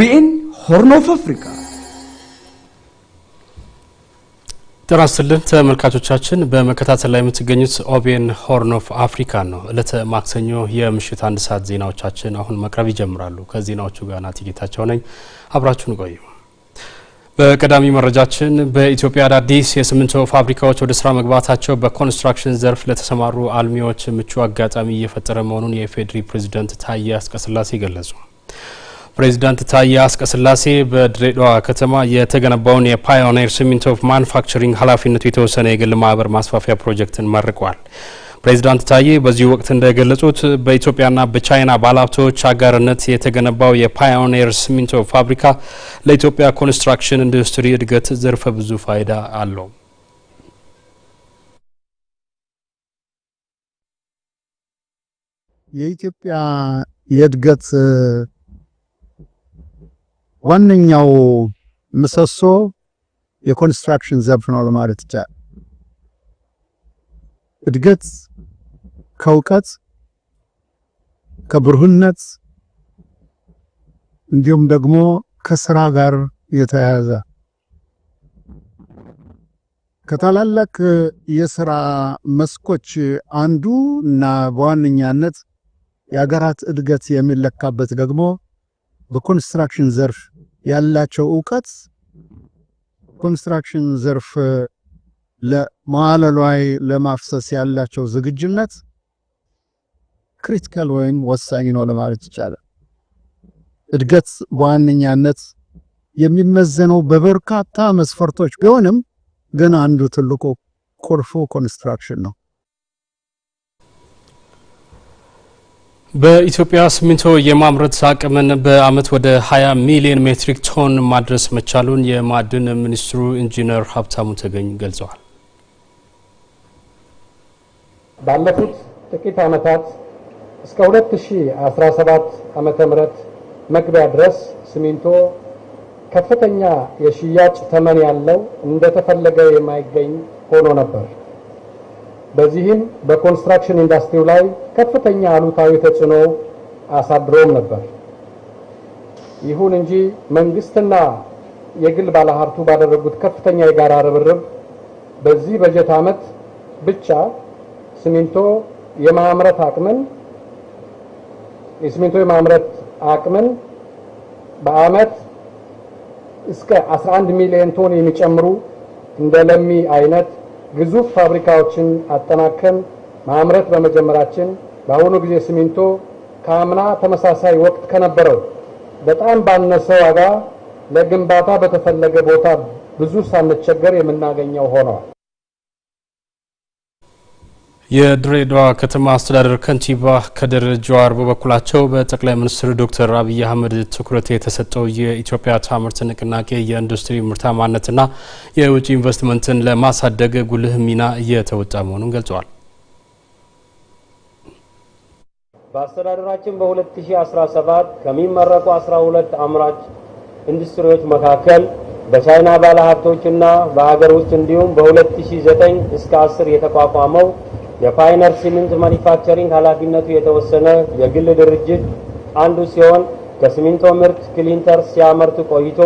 ኦቢኤን ሆርን ኦፍ አፍሪካ ጤና ይስጥልን ተመልካቾቻችን፣ በመከታተል ላይ የምትገኙት ኦቢኤን ሆርን ኦፍ አፍሪካ ነው። ዕለተ ማክሰኞ የምሽት አንድ ሰዓት ዜናዎቻችን አሁን መቅረብ ይጀምራሉ። ከዜናዎቹ ጋር ናቲ ጌታቸው ነኝ። አብራችሁን ቆዩ። በቀዳሚ መረጃችን በኢትዮጵያ አዳዲስ የሲሚንቶ ፋብሪካዎች ወደ ስራ መግባታቸው በኮንስትራክሽን ዘርፍ ለተሰማሩ አልሚዎች ምቹ አጋጣሚ እየፈጠረ መሆኑን የኢፌዴሪ ፕሬዚደንት ታዬ አጽቀሥላሴ ገለጹ። ፕሬዚዳንት ታዬ አጽቀሥላሴ በድሬዳዋ ከተማ የተገነባውን የፓዮኔር ሲሚንቶ ማኑፋክቸሪንግ ኃላፊነቱ የተወሰነ የግል ማህበር ማስፋፊያ ፕሮጀክትን መርቋል። ፕሬዚዳንት ታዬ በዚህ ወቅት እንደገለጹት በኢትዮጵያና በቻይና ባለሀብቶች አጋርነት የተገነባው የፓዮኔር ሲሚንቶ ፋብሪካ ለኢትዮጵያ ኮንስትራክሽን ኢንዱስትሪ እድገት ዘርፈ ብዙ ፋይዳ አለው። የኢትዮጵያ የእድገት ዋነኛው ምሰሶ የኮንስትራክሽን ዘርፍ ነው ለማለት ይቻላል። እድገት ከእውቀት ከብሩህነት እንዲሁም ደግሞ ከስራ ጋር የተያያዘ ከታላላቅ የስራ መስኮች አንዱ እና በዋነኛነት የሀገራት እድገት የሚለካበት ደግሞ በኮንስትራክሽን ዘርፍ ያላቸው እውቀት ኮንስትራክሽን ዘርፍ ለመዋለ ንዋይ ለማፍሰስ ያላቸው ዝግጁነት ክሪቲካል ወይም ወሳኝ ነው ለማለት ይቻላል። እድገት በዋነኛነት የሚመዘነው በበርካታ መስፈርቶች ቢሆንም ግን አንዱ ትልቁ ቁልፉ ኮንስትራክሽን ነው። በኢትዮጵያ ሲሚንቶ የማምረት አቅምን በዓመት ወደ 20 ሚሊዮን ሜትሪክ ቶን ማድረስ መቻሉን የማዕድን ሚኒስትሩ ኢንጂነር ሀብታሙ ተገኝ ገልጸዋል። ባለፉት ጥቂት ዓመታት እስከ 2017 ዓ ም መግቢያ ድረስ ሲሚንቶ ከፍተኛ የሽያጭ ተመን ያለው እንደተፈለገ የማይገኝ ሆኖ ነበር። በዚህም በኮንስትራክሽን ኢንዱስትሪው ላይ ከፍተኛ አሉታዊ ተጽዕኖ አሳድሮም ነበር። ይሁን እንጂ መንግስትና የግል ባለሀብቱ ባደረጉት ከፍተኛ የጋራ ርብርብ በዚህ በጀት ዓመት ብቻ ሲሚንቶ የማምረት አቅምን የሲሚንቶ የማምረት አቅምን በአመት እስከ 11 ሚሊዮን ቶን የሚጨምሩ እንደ ለሚ አይነት ግዙፍ ፋብሪካዎችን አጠናከን ማምረት በመጀመራችን በአሁኑ ጊዜ ሲሚንቶ ከአምና ተመሳሳይ ወቅት ከነበረው በጣም ባነሰ ዋጋ ለግንባታ በተፈለገ ቦታ ብዙ ሳንቸገር የምናገኘው ሆኗል። የድሬዳዋ ከተማ አስተዳደር ከንቲባ ከድር ጀዋር በበኩላቸው በጠቅላይ ሚኒስትር ዶክተር አብይ አህመድ ትኩረት የተሰጠው የኢትዮጵያ ታምርት ንቅናቄ የኢንዱስትሪ ምርታማነትና የውጭ ኢንቨስትመንትን ለማሳደግ ጉልህ ሚና እየተወጣ መሆኑን ገልጸዋል። በአስተዳደራችን በ2017 ከሚመረቁ 12 አምራች ኢንዱስትሪዎች መካከል በቻይና ባለሀብቶችና በሀገር ውስጥ እንዲሁም በ2009 እስከ 10 የተቋቋመው የፓይነር ሲሚንት ማኒፋክቸሪንግ ኃላፊነቱ የተወሰነ የግል ድርጅት አንዱ ሲሆን ከሲሚንቶ ምርት ክሊንተር ሲያመርት ቆይቶ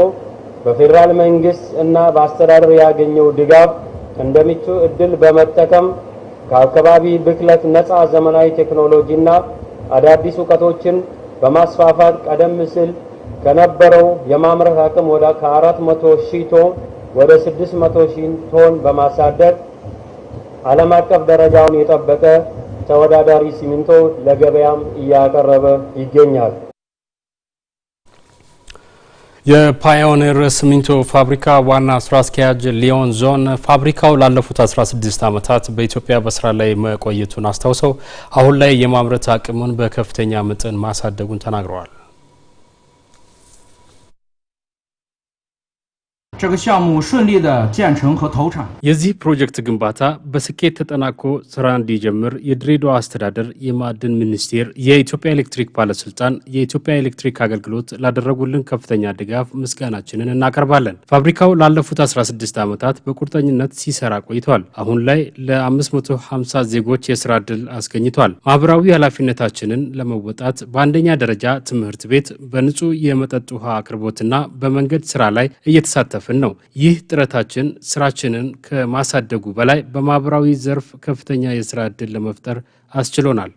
በፌዴራል መንግስት እና በአስተዳደር ያገኘው ድጋፍ እንደ ምቹ እድል በመጠቀም ከአካባቢ ብክለት ነፃ ዘመናዊ ቴክኖሎጂና አዳዲስ እውቀቶችን በማስፋፋት ቀደም ሲል ከነበረው የማምረት አቅም ወደ ከ400 ሺህ ቶን ወደ 600 ሺህ ቶን በማሳደግ ዓለም አቀፍ ደረጃውን የጠበቀ ተወዳዳሪ ሲሚንቶ ለገበያም እያቀረበ ይገኛል። የፓዮኒር ሲሚንቶ ፋብሪካ ዋና ስራ አስኪያጅ ሊዮን ዞን ፋብሪካው ላለፉት 16 ዓመታት በኢትዮጵያ በስራ ላይ መቆየቱን አስታውሰው አሁን ላይ የማምረት አቅሙን በከፍተኛ መጠን ማሳደጉን ተናግረዋል። 这个项目顺利的建成和投产。የዚህ ፕሮጀክት ግንባታ በስኬት ተጠናቆ ስራ እንዲጀምር የድሬዳዋ አስተዳደር፣ የማዕድን ሚኒስቴር፣ የኢትዮጵያ ኤሌክትሪክ ባለስልጣን፣ የኢትዮጵያ ኤሌክትሪክ አገልግሎት ላደረጉልን ከፍተኛ ድጋፍ ምስጋናችንን እናቀርባለን። ፋብሪካው ላለፉት 16 ዓመታት በቁርጠኝነት ሲሰራ ቆይቷል። አሁን ላይ ለ550 ዜጎች የስራ ዕድል አስገኝቷል። ማህበራዊ ኃላፊነታችንን ለመወጣት በአንደኛ ደረጃ ትምህርት ቤት፣ በንጹህ የመጠጥ ውሃ አቅርቦትና በመንገድ ስራ ላይ እየተሳተፈ እያሳለፍን ነው። ይህ ጥረታችን ስራችንን ከማሳደጉ በላይ በማህበራዊ ዘርፍ ከፍተኛ የስራ ዕድል ለመፍጠር አስችሎናል።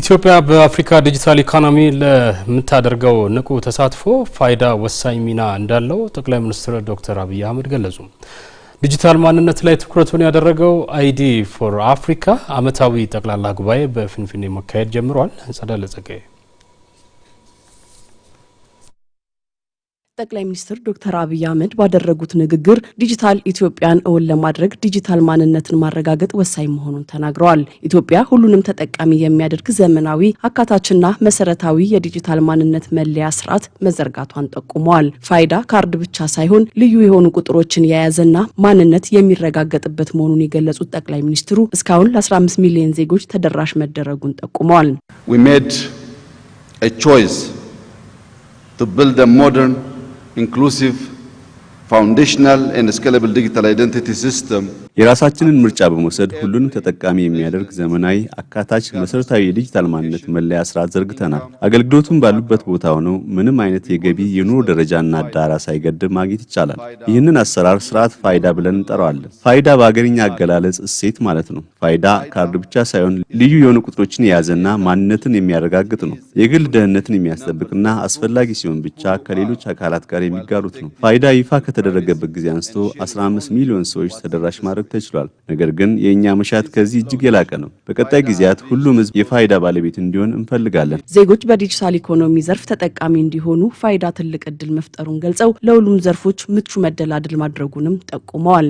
ኢትዮጵያ በአፍሪካ ዲጂታል ኢኮኖሚ ለምታደርገው ንቁ ተሳትፎ ፋይዳ ወሳኝ ሚና እንዳለው ጠቅላይ ሚኒስትር ዶክተር አብይ አህመድ ገለጹ። ዲጂታል ማንነት ላይ ትኩረቱን ያደረገው አይዲ ፎር አፍሪካ አመታዊ ጠቅላላ ጉባኤ በፍንፍኔ መካሄድ ጀምሯል። ጸዳለ ጸጋዬ ጠቅላይ ሚኒስትር ዶክተር አብይ አህመድ ባደረጉት ንግግር ዲጂታል ኢትዮጵያን እውን ለማድረግ ዲጂታል ማንነትን ማረጋገጥ ወሳኝ መሆኑን ተናግረዋል። ኢትዮጵያ ሁሉንም ተጠቃሚ የሚያደርግ ዘመናዊ አካታችና መሰረታዊ የዲጂታል ማንነት መለያ ስርዓት መዘርጋቷን ጠቁመዋል። ፋይዳ ካርድ ብቻ ሳይሆን ልዩ የሆኑ ቁጥሮችን የያዘና ማንነት የሚረጋገጥበት መሆኑን የገለጹት ጠቅላይ ሚኒስትሩ እስካሁን ለ15 ሚሊዮን ዜጎች ተደራሽ መደረጉን ጠቁመዋል። inclusive, foundational and scalable digital identity system የራሳችንን ምርጫ በመውሰድ ሁሉንም ተጠቃሚ የሚያደርግ ዘመናዊ፣ አካታች፣ መሰረታዊ የዲጂታል ማንነት መለያ ስርዓት ዘርግተናል። አገልግሎቱም ባሉበት ቦታ ሆነው ምንም አይነት የገቢ የኑሮ ደረጃና አዳራ ሳይገድብ ማግኘት ይቻላል። ይህንን አሰራር ስርዓት ፋይዳ ብለን እንጠራዋለን። ፋይዳ በአገርኛ አገላለጽ እሴት ማለት ነው። ፋይዳ ካርድ ብቻ ሳይሆን ልዩ የሆኑ ቁጥሮችን የያዘና ማንነትን የሚያረጋግጥ ነው። የግል ደህንነትን የሚያስጠብቅና አስፈላጊ ሲሆን ብቻ ከሌሎች አካላት ጋር የሚጋሩት ነው። ፋይዳ ይፋ ከተደረገበት ጊዜ አንስቶ 15 ሚሊዮን ሰዎች ተደራሽ ማድረግ ማድረግ ተችሏል። ነገር ግን የእኛ መሻት ከዚህ እጅግ የላቀ ነው። በቀጣይ ጊዜያት ሁሉም ህዝብ የፋይዳ ባለቤት እንዲሆን እንፈልጋለን። ዜጎች በዲጂታል ኢኮኖሚ ዘርፍ ተጠቃሚ እንዲሆኑ ፋይዳ ትልቅ እድል መፍጠሩን ገልጸው ለሁሉም ዘርፎች ምቹ መደላድል ማድረጉንም ጠቁመዋል።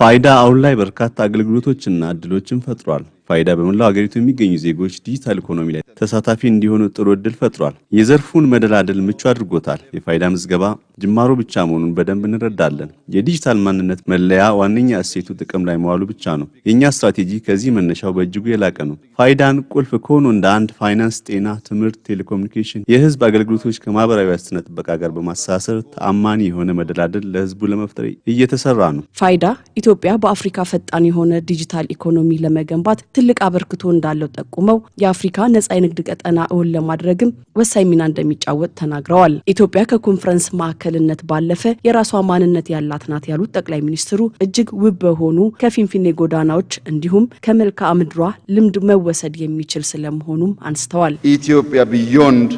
ፋይዳ አሁን ላይ በርካታ አገልግሎቶችና እድሎችን ፈጥሯል። ፋይዳ በመላው ሀገሪቱ የሚገኙ ዜጎች ዲጂታል ኢኮኖሚ ላይ ተሳታፊ እንዲሆኑ ጥሩ እድል ፈጥሯል። የዘርፉን መደላደል ምቹ አድርጎታል። የፋይዳ ምዝገባ ጅማሮ ብቻ መሆኑን በደንብ እንረዳለን። የዲጂታል ማንነት መለያ ዋነኛ እሴቱ ጥቅም ላይ መዋሉ ብቻ ነው። የእኛ ስትራቴጂ ከዚህ መነሻው በእጅጉ የላቀ ነው። ፋይዳን ቁልፍ ከሆኑ እንደ አንድ ፋይናንስ፣ ጤና፣ ትምህርት፣ ቴሌኮሙኒኬሽን፣ የህዝብ አገልግሎቶች ከማህበራዊ ዋስትና ጥበቃ ጋር በማስተሳሰር ተአማኒ የሆነ መደላደል ለህዝቡ ለመፍጠር እየተሰራ ነው። ፋይዳ ኢትዮጵያ በአፍሪካ ፈጣን የሆነ ዲጂታል ኢኮኖሚ ለመገንባት ትልቅ አበርክቶ እንዳለው ጠቁመው የአፍሪካ ነጻ የንግድ ቀጠና እውን ለማድረግም ወሳኝ ሚና እንደሚጫወት ተናግረዋል። ኢትዮጵያ ከኮንፈረንስ ማዕከልነት ባለፈ የራሷ ማንነት ያላት ናት ያሉት ጠቅላይ ሚኒስትሩ እጅግ ውብ በሆኑ ከፊንፊኔ ጎዳናዎች እንዲሁም ከመልክዓ ምድሯ ልምድ መወሰድ የሚችል ስለመሆኑም አንስተዋል። ኢትዮጵያ ቢዮንድ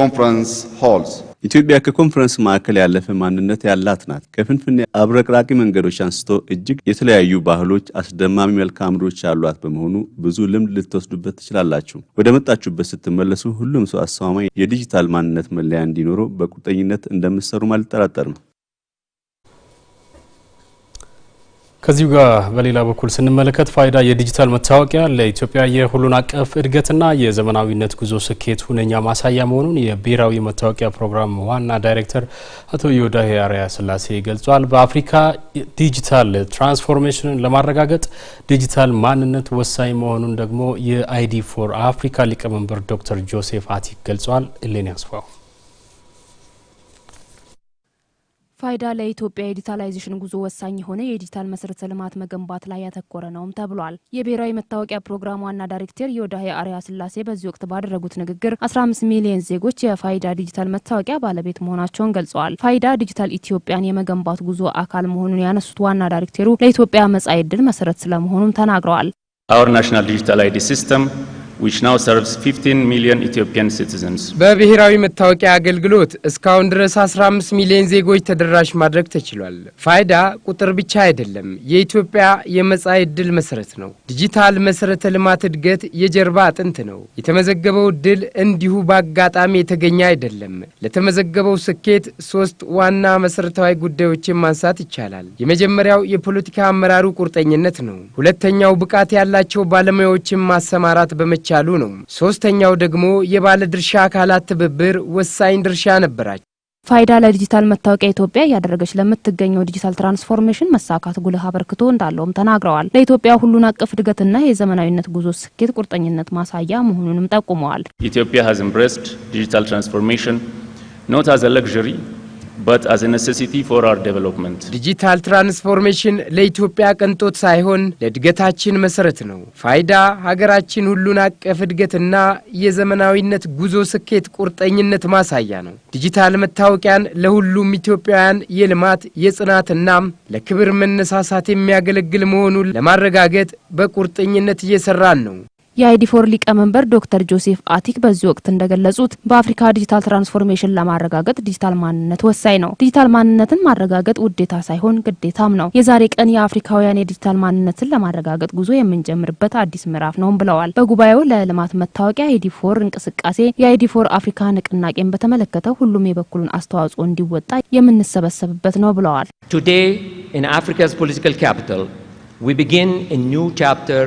ኮንፈረንስ ሆልስ ኢትዮጵያ ከኮንፈረንስ ማዕከል ያለፈ ማንነት ያላት ናት። ከፍንፍኔ አብረቅራቂ መንገዶች አንስቶ እጅግ የተለያዩ ባህሎች፣ አስደማሚ መልክዓ ምድሮች ያሏት በመሆኑ ብዙ ልምድ ልትወስዱበት ትችላላችሁ። ወደ መጣችሁበት ስትመለሱ ሁሉም ሰው አስተማማኝ የዲጂታል ማንነት መለያ እንዲኖረው በቁርጠኝነት እንደምትሰሩም አልጠራጠርም። ከዚሁ ጋር በሌላ በኩል ስንመለከት ፋይዳ የዲጂታል መታወቂያ ለኢትዮጵያ የሁሉን አቀፍ እድገትና የዘመናዊነት ጉዞ ስኬት ሁነኛ ማሳያ መሆኑን የብሔራዊ መታወቂያ ፕሮግራም ዋና ዳይሬክተር አቶ ዮዳ አርአያ ስላሴ ገልጿል። በአፍሪካ ዲጂታል ትራንስፎርሜሽንን ለማረጋገጥ ዲጂታል ማንነት ወሳኝ መሆኑን ደግሞ የአይዲ ፎር አፍሪካ ሊቀመንበር ዶክተር ጆሴፍ አቲክ ገልጿል። እሌን ያስፋው ፋይዳ ለኢትዮጵያ የዲጂታላይዜሽን ጉዞ ወሳኝ የሆነ የዲጂታል መሰረተ ልማት መገንባት ላይ ያተኮረ ነውም ተብሏል። የብሔራዊ መታወቂያ ፕሮግራም ዋና ዳይሬክተር የወዳሄ አርያ ስላሴ በዚህ ወቅት ባደረጉት ንግግር 15 ሚሊዮን ዜጎች የፋይዳ ዲጂታል መታወቂያ ባለቤት መሆናቸውን ገልጸዋል። ፋይዳ ዲጂታል ኢትዮጵያን የመገንባት ጉዞ አካል መሆኑን ያነሱት ዋና ዳይሬክተሩ ለኢትዮጵያ መጻኢ ዕድል መሰረት ስለመሆኑም ተናግረዋል። Our national digital ID system which now serves 15 million Ethiopian citizens. በብሔራዊ መታወቂያ አገልግሎት እስካሁን ድረስ 15 ሚሊዮን ዜጎች ተደራሽ ማድረግ ተችሏል። ፋይዳ ቁጥር ብቻ አይደለም፣ የኢትዮጵያ የመጻኢ ዕድል መሰረት ነው። ዲጂታል መሰረተ ልማት እድገት የጀርባ አጥንት ነው። የተመዘገበው ድል እንዲሁ በአጋጣሚ የተገኘ አይደለም። ለተመዘገበው ስኬት ሶስት ዋና መሰረታዊ ጉዳዮችን ማንሳት ይቻላል። የመጀመሪያው የፖለቲካ አመራሩ ቁርጠኝነት ነው። ሁለተኛው ብቃት ያላቸው ባለሙያዎችን ማሰማራት በመቻ መቻሉ ነው። ሶስተኛው ደግሞ የባለድርሻ አካላት ትብብር ወሳኝ ድርሻ ነበራቸው። ፋይዳ ለዲጂታል መታወቂያ ኢትዮጵያ እያደረገች ለምትገኘው ዲጂታል ትራንስፎርሜሽን መሳካት ጉልህ አበርክቶ እንዳለውም ተናግረዋል። ለኢትዮጵያ ሁሉን አቀፍ እድገትና የዘመናዊነት ጉዞ ስኬት ቁርጠኝነት ማሳያ መሆኑንም ጠቁመዋል። ኢትዮጵያ ሀዝ ኤምብሬስድ ዲጂታል ትራንስፎርሜሽን ኖት አዝ አ ዲጂታል ትራንስፎርሜሽን ለኢትዮጵያ ቅንጦት ሳይሆን ለእድገታችን መሰረት ነው። ፋይዳ ሀገራችን ሁሉን አቀፍ እድገትና የዘመናዊነት ጉዞ ስኬት ቁርጠኝነት ማሳያ ነው። ዲጂታል መታወቂያን ለሁሉም ኢትዮጵያውያን የልማት የጽናትና ለክብር መነሳሳት የሚያገለግል መሆኑን ለማረጋገጥ በቁርጠኝነት እየሰራን ነው። የአይዲፎር ሊቀመንበር ዶክተር ጆሴፍ አቲክ በዚህ ወቅት እንደገለጹት በአፍሪካ ዲጂታል ትራንስፎርሜሽን ለማረጋገጥ ዲጂታል ማንነት ወሳኝ ነው። ዲጂታል ማንነትን ማረጋገጥ ውዴታ ሳይሆን ግዴታም ነው። የዛሬ ቀን የአፍሪካውያን የዲጂታል ማንነትን ለማረጋገጥ ጉዞ የምንጀምርበት አዲስ ምዕራፍ ነውም ብለዋል። በጉባኤው ለልማት መታወቂያ አይዲፎር እንቅስቃሴ የአይዲፎር አፍሪካ ንቅናቄን በተመለከተ ሁሉም የበኩሉን አስተዋጽኦ እንዲወጣ የምንሰበሰብበት ነው ብለዋል። ቱዴይ ኢን አፍሪካስ ፖለቲካል ካፒታል ዊ ቢጊን ኤ ኒው ቻፕተር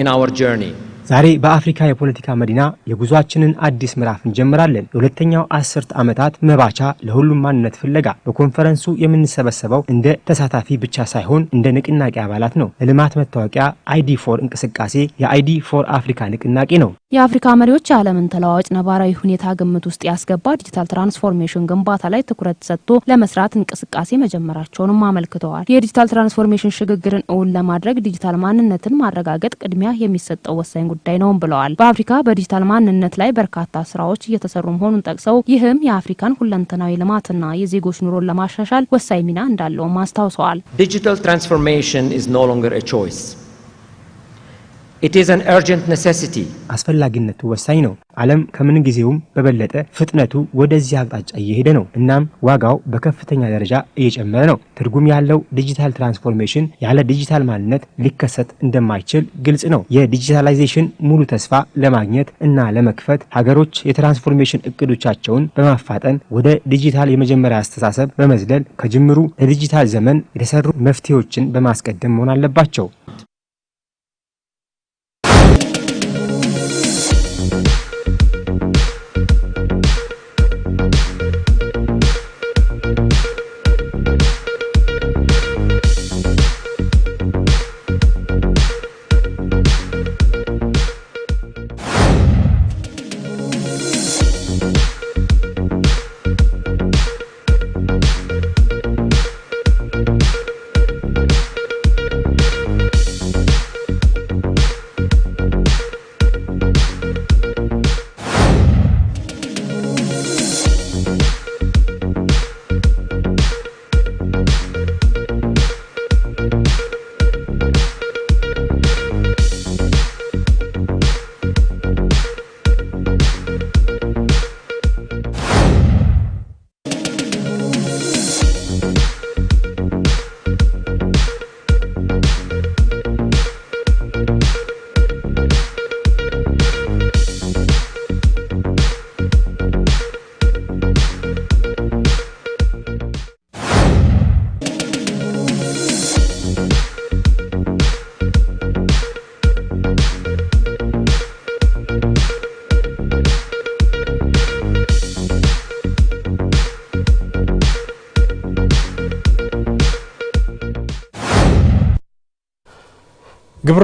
in our journey. ዛሬ በአፍሪካ የፖለቲካ መዲና የጉዟችንን አዲስ ምዕራፍ እንጀምራለን። የሁለተኛው አስርት ዓመታት መባቻ ለሁሉም ማንነት ፍለጋ በኮንፈረንሱ የምንሰበሰበው እንደ ተሳታፊ ብቻ ሳይሆን እንደ ንቅናቄ አባላት ነው። ለልማት መታወቂያ አይዲ ፎር እንቅስቃሴ የአይዲ ፎር አፍሪካ ንቅናቄ ነው። የአፍሪካ መሪዎች የዓለምን ተለዋዋጭ ነባራዊ ሁኔታ ግምት ውስጥ ያስገባ ዲጂታል ትራንስፎርሜሽን ግንባታ ላይ ትኩረት ሰጥቶ ለመስራት እንቅስቃሴ መጀመራቸውንም አመልክተዋል። የዲጂታል ትራንስፎርሜሽን ሽግግርን እውን ለማድረግ ዲጂታል ማንነትን ማረጋገጥ ቅድሚያ የሚሰጠው ወሳኝ ጉዳይ ነውም ብለዋል። በአፍሪካ በዲጂታል ማንነት ላይ በርካታ ስራዎች እየተሰሩ መሆኑን ጠቅሰው ይህም የአፍሪካን ሁለንተናዊ ልማትና የዜጎች ኑሮን ለማሻሻል ወሳኝ ሚና እንዳለውም አስታውሰዋል። ዲጂታል ትራንስፎርሜሽን ኢዝ ኖ ሎንገር ኤ ቾይስ አስፈላጊነቱ ወሳኝ ነው። ዓለም ከምን ጊዜውም በበለጠ ፍጥነቱ ወደዚህ አቅጣጫ እየሄደ ነው። እናም ዋጋው በከፍተኛ ደረጃ እየጨመረ ነው። ትርጉም ያለው ዲጂታል ትራንስፎርሜሽን ያለ ዲጂታል ማንነት ሊከሰት እንደማይችል ግልጽ ነው። የዲጂታላይዜሽን ሙሉ ተስፋ ለማግኘት እና ለመክፈት ሀገሮች የትራንስፎርሜሽን እቅዶቻቸውን በማፋጠን ወደ ዲጂታል የመጀመሪያ አስተሳሰብ በመዝለል ከጅምሩ ለዲጂታል ዘመን የተሰሩ መፍትሄዎችን በማስቀደም መሆን አለባቸው።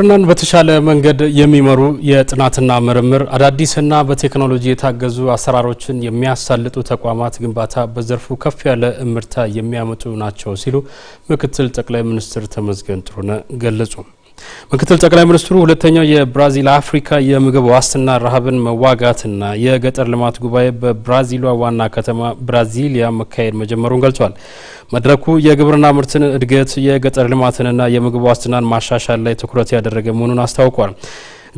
ግብርናን በተሻለ መንገድ የሚመሩ የጥናትና ምርምር አዳዲስና በቴክኖሎጂ የታገዙ አሰራሮችን የሚያሳልጡ ተቋማት ግንባታ በዘርፉ ከፍ ያለ እምርታ የሚያመጡ ናቸው ሲሉ ምክትል ጠቅላይ ሚኒስትር ተመስገን ጥሩነህ ገለጹ። ምክትል ጠቅላይ ሚኒስትሩ ሁለተኛው የብራዚል አፍሪካ የምግብ ዋስትና ረሃብን መዋጋትና የገጠር ልማት ጉባኤ በብራዚሏ ዋና ከተማ ብራዚሊያ መካሄድ መጀመሩን ገልጿል። መድረኩ የግብርና ምርትን እድገት፣ የገጠር ልማትንና የምግብ ዋስትናን ማሻሻል ላይ ትኩረት ያደረገ መሆኑን አስታውቋል።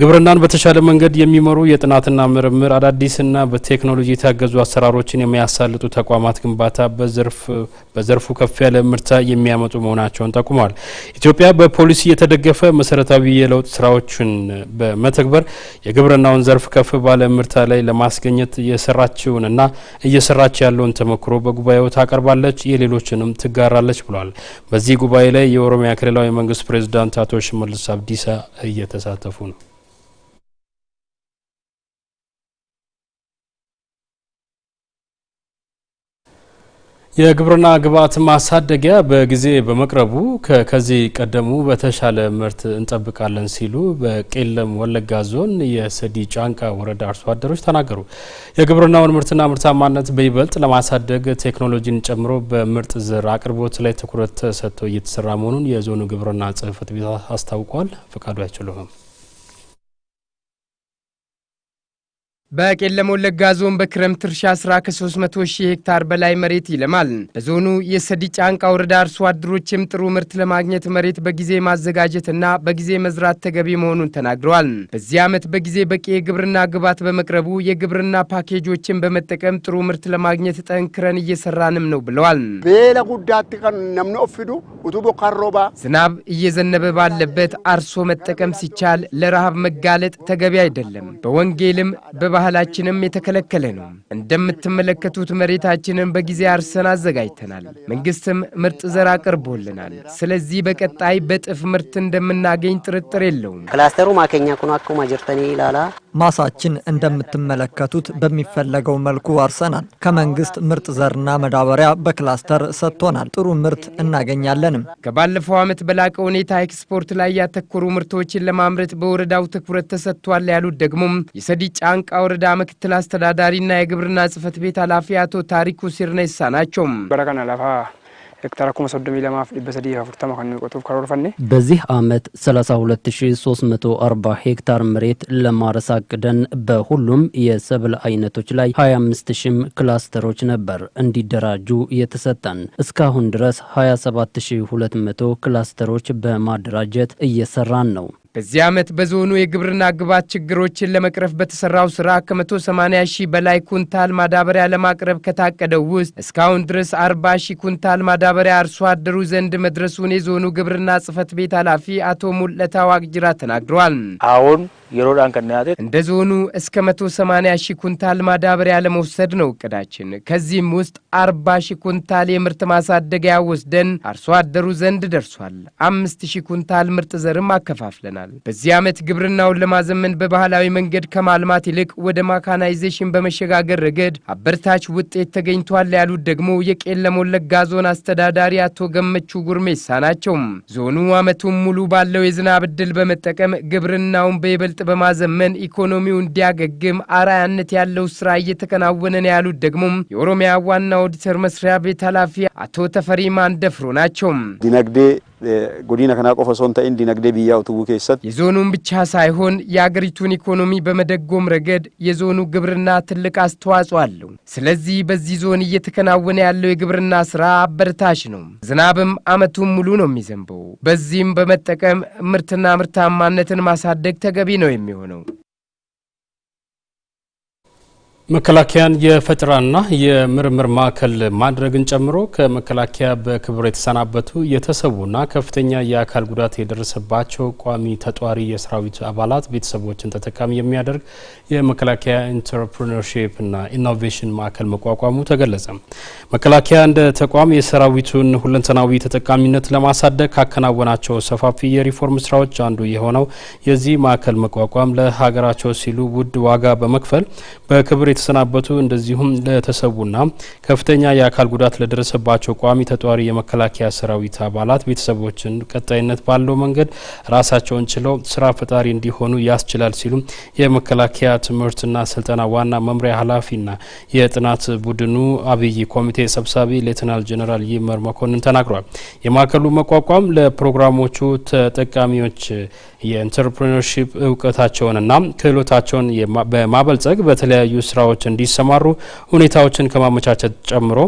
ግብርናን በተሻለ መንገድ የሚመሩ የጥናትና ምርምር አዳዲስና በቴክኖሎጂ የታገዙ አሰራሮችን የሚያሳልጡ ተቋማት ግንባታ በዘርፉ ከፍ ያለ ምርታ የሚያመጡ መሆናቸውን ጠቁመዋል። ኢትዮጵያ በፖሊሲ የተደገፈ መሰረታዊ የለውጥ ስራዎችን በመተግበር የግብርናውን ዘርፍ ከፍ ባለ ምርታ ላይ ለማስገኘት የሰራችውንና እየሰራች ያለውን ተሞክሮ በጉባኤው ታቀርባለች፣ የሌሎችንም ትጋራለች ብሏል። በዚህ ጉባኤ ላይ የኦሮሚያ ክልላዊ መንግስት ፕሬዚዳንት አቶ ሽመልስ አብዲሳ እየተሳተፉ ነው። የግብርና ግብዓት ማሳደጊያ በጊዜ በመቅረቡ ከዚህ ቀደሙ በተሻለ ምርት እንጠብቃለን ሲሉ በቄለም ወለጋ ዞን የሰዲ ጫንቃ ወረዳ አርሶ አደሮች ተናገሩ። የግብርናውን ምርትና ምርታማነት በይበልጥ ለማሳደግ ቴክኖሎጂን ጨምሮ በምርጥ ዘር አቅርቦት ላይ ትኩረት ሰጥቶ እየተሰራ መሆኑን የዞኑ ግብርና ጽሕፈት ቤት አስታውቋል። ፈቃዱ አይችሉም በቄለም ወለጋ ዞን በክረምት እርሻ ስራ ከ300 ሺህ ሄክታር በላይ መሬት ይለማል። በዞኑ የሰዲ ጫንቃ ወረዳ አርሶ አደሮችም ጥሩ ምርት ለማግኘት መሬት በጊዜ ማዘጋጀትና በጊዜ መዝራት ተገቢ መሆኑን ተናግረዋል። በዚህ ዓመት በጊዜ በቂ የግብርና ግብዓት በመቅረቡ የግብርና ፓኬጆችን በመጠቀም ጥሩ ምርት ለማግኘት ጠንክረን እየሰራንም ነው ብለዋል። ቤለ ጉዳት ቀን ነምን ኦፍዱ ኡቱቦ ካሮባ ዝናብ እየዘነበ ባለበት አርሶ መጠቀም ሲቻል ለረሃብ መጋለጥ ተገቢ አይደለም። በወንጌልም በባ ባህላችንም የተከለከለ ነው። እንደምትመለከቱት መሬታችንን በጊዜ አርሰን አዘጋጅተናል። መንግሥትም ምርጥ ዘር አቅርቦልናል። ስለዚህ በቀጣይ በጥፍ ምርት እንደምናገኝ ጥርጥር የለውም። ክላስተሩ ማከኛ ኩናኮ ማጀርተኔ ላላ ማሳችን እንደምትመለከቱት በሚፈለገው መልኩ አርሰናል። ከመንግስት ምርጥ ዘርና መዳበሪያ በክላስተር ሰጥቶናል። ጥሩ ምርት እናገኛለንም። ከባለፈው ዓመት በላቀ ሁኔታ ኤክስፖርት ላይ ያተኮሩ ምርቶችን ለማምረት በወረዳው ትኩረት ተሰጥቷል ያሉት ደግሞም የሰዲ ጫንቃ ወረዳ ምክትል አስተዳዳሪና የግብርና ጽህፈት ቤት ኃላፊ አቶ ታሪኩ ሲርነሳ ናቸው። ሄክታር akkuma ሶዶሚ lamaaf dhibba sadii ከን kan ካሮርፈኒ በዚህ ዓመት 32340 ሄክታር መሬት ለማረስ አቅደን በሁሉም የሰብል አይነቶች ላይ 25 ሺህ ክላስተሮች ነበር እንዲደራጁ የተሰጠን። እስካሁን ድረስ 27200 ክላስተሮች በማደራጀት እየሰራን ነው። በዚህ ዓመት በዞኑ የግብርና ግብዓት ችግሮችን ለመቅረፍ በተሰራው ስራ ከ180 ሺህ በላይ ኩንታል ማዳበሪያ ለማቅረብ ከታቀደው ውስጥ እስካሁን ድረስ 40 ሺህ ኩንታል ማዳበሪያ አርሶ አደሩ ዘንድ መድረሱን የዞኑ ግብርና ጽህፈት ቤት ኃላፊ አቶ ሙለታ ዋቅጅራ ተናግረዋል። አሁን የሮዳን ከናያቴ እንደ ዞኑ እስከ 180 ሺህ ኩንታል ማዳበሪያ ለመውሰድ ነው እቅዳችን። ከዚህም ውስጥ 40 ሺህ ኩንታል የምርት ማሳደጊያ ወስደን አርሶ አደሩ ዘንድ ደርሷል። 5 ሺህ ኩንታል ምርጥ ዘርም አከፋፍለናል። ይሆናል። በዚህ ዓመት ግብርናውን ለማዘመን በባህላዊ መንገድ ከማልማት ይልቅ ወደ ማካናይዜሽን በመሸጋገር ረገድ አበርታች ውጤት ተገኝቷል ያሉት ደግሞ የቄለም ወለጋ ዞን አስተዳዳሪ አቶ ገመቹ ጉርሜሳ ናቸው። ዞኑ ዓመቱን ሙሉ ባለው የዝናብ እድል በመጠቀም ግብርናውን በይበልጥ በማዘመን ኢኮኖሚው እንዲያገግም አራያነት ያለው ስራ እየተከናወነ ነው ያሉት ደግሞ የኦሮሚያ ዋና ኦዲተር መስሪያ ቤት ኃላፊ አቶ ተፈሪ ማንደፍሮ ናቸው። ዲነግዴ ጎዲና eh, kanaa qofa osoo hin ta'in dinagdee biyyaa የዞኑን ብቻ ሳይሆን የአገሪቱን ኢኮኖሚ በመደጎም ረገድ የዞኑ ግብርና ትልቅ አስተዋጽኦ አለው። ስለዚህ በዚህ ዞን እየተከናወነ ያለው የግብርና ስራ አበረታሽ ነው። ዝናብም አመቱን ሙሉ ነው የሚዘንበው። በዚህም በመጠቀም ምርትና ምርታማነትን ማሳደግ ተገቢ ነው የሚሆነው። መከላከያን የፈጠራና የምርምር ማዕከል ማድረግን ጨምሮ ከመከላከያ በክብር የተሰናበቱ የተሰዉና ከፍተኛ የአካል ጉዳት የደረሰባቸው ቋሚ ተጧሪ የሰራዊት አባላት ቤተሰቦችን ተጠቃሚ የሚያደርግ የመከላከያ ኢንተርፕሪነርሺፕና ኢኖቬሽን ማዕከል መቋቋሙ ተገለጸ። መከላከያ እንደ ተቋም የሰራዊቱን ሁለንተናዊ ተጠቃሚነት ለማሳደግ ካከናወናቸው ሰፋፊ የሪፎርም ስራዎች አንዱ የሆነው የዚህ ማዕከል መቋቋም ለሀገራቸው ሲሉ ውድ ዋጋ በመክፈል በክብር ለተሰናበቱ እንደዚሁም ለተሰዉና ከፍተኛ የአካል ጉዳት ለደረሰባቸው ቋሚ ተጧሪ የመከላከያ ሰራዊት አባላት ቤተሰቦችን ቀጣይነት ባለው መንገድ ራሳቸውን ችለው ስራ ፈጣሪ እንዲሆኑ ያስችላል ሲሉ የመከላከያ ትምህርትና ስልጠና ዋና መምሪያ ኃላፊና የጥናት ቡድኑ አብይ ኮሚቴ ሰብሳቢ ሌትናል ጀኔራል ይመር መኮንን ተናግረዋል። የማዕከሉ መቋቋም ለፕሮግራሞቹ ተጠቃሚዎች የኢንተርፕሪነርሺፕ እውቀታቸውንና ክህሎታቸውን በማበልጸግ በተለያዩ ስራ ስራዎች እንዲሰማሩ ሁኔታዎችን ከማመቻቸት ጨምሮ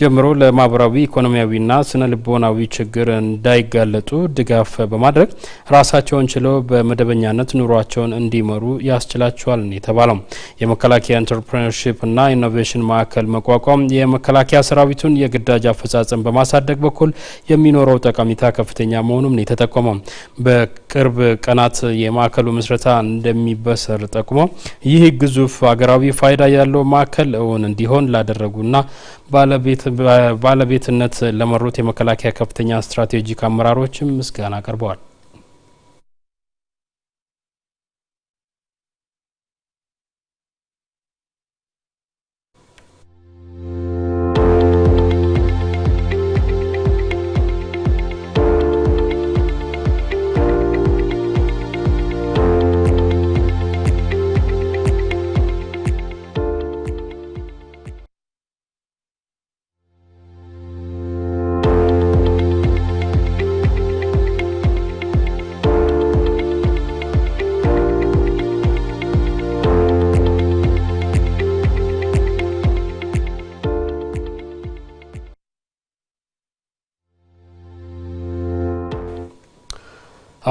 ጀምሮ ለማህበራዊ ኢኮኖሚያዊና ስነ ልቦናዊ ችግር እንዳይጋለጡ ድጋፍ በማድረግ ራሳቸውን ችለው በመደበኛነት ኑሯቸውን እንዲመሩ ያስችላቸዋል የተባለው። የመከላከያ ኢንተርፕሬነርሺፕና ኢኖቬሽን ማዕከል መቋቋም የመከላከያ ሰራዊቱን የግዳጅ አፈጻጸም በማሳደግ በኩል የሚኖረው ጠቀሜታ ከፍተኛ መሆኑም ነው የተጠቆመው። በቅርብ ቀናት የማዕከሉ ምስረታ እንደሚበሰር ጠቁሞ ይህ ግዙፍ አገራዊ ፋይዳ ያለው ማዕከል እውን እንዲሆን ላደረጉና ባለቤትነት ለመሩት የመከላከያ ከፍተኛ ስትራቴጂክ አመራሮችም ምስጋና አቅርበዋል።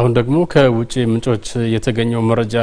አሁን ደግሞ ከውጭ ምንጮች የተገኘው መረጃ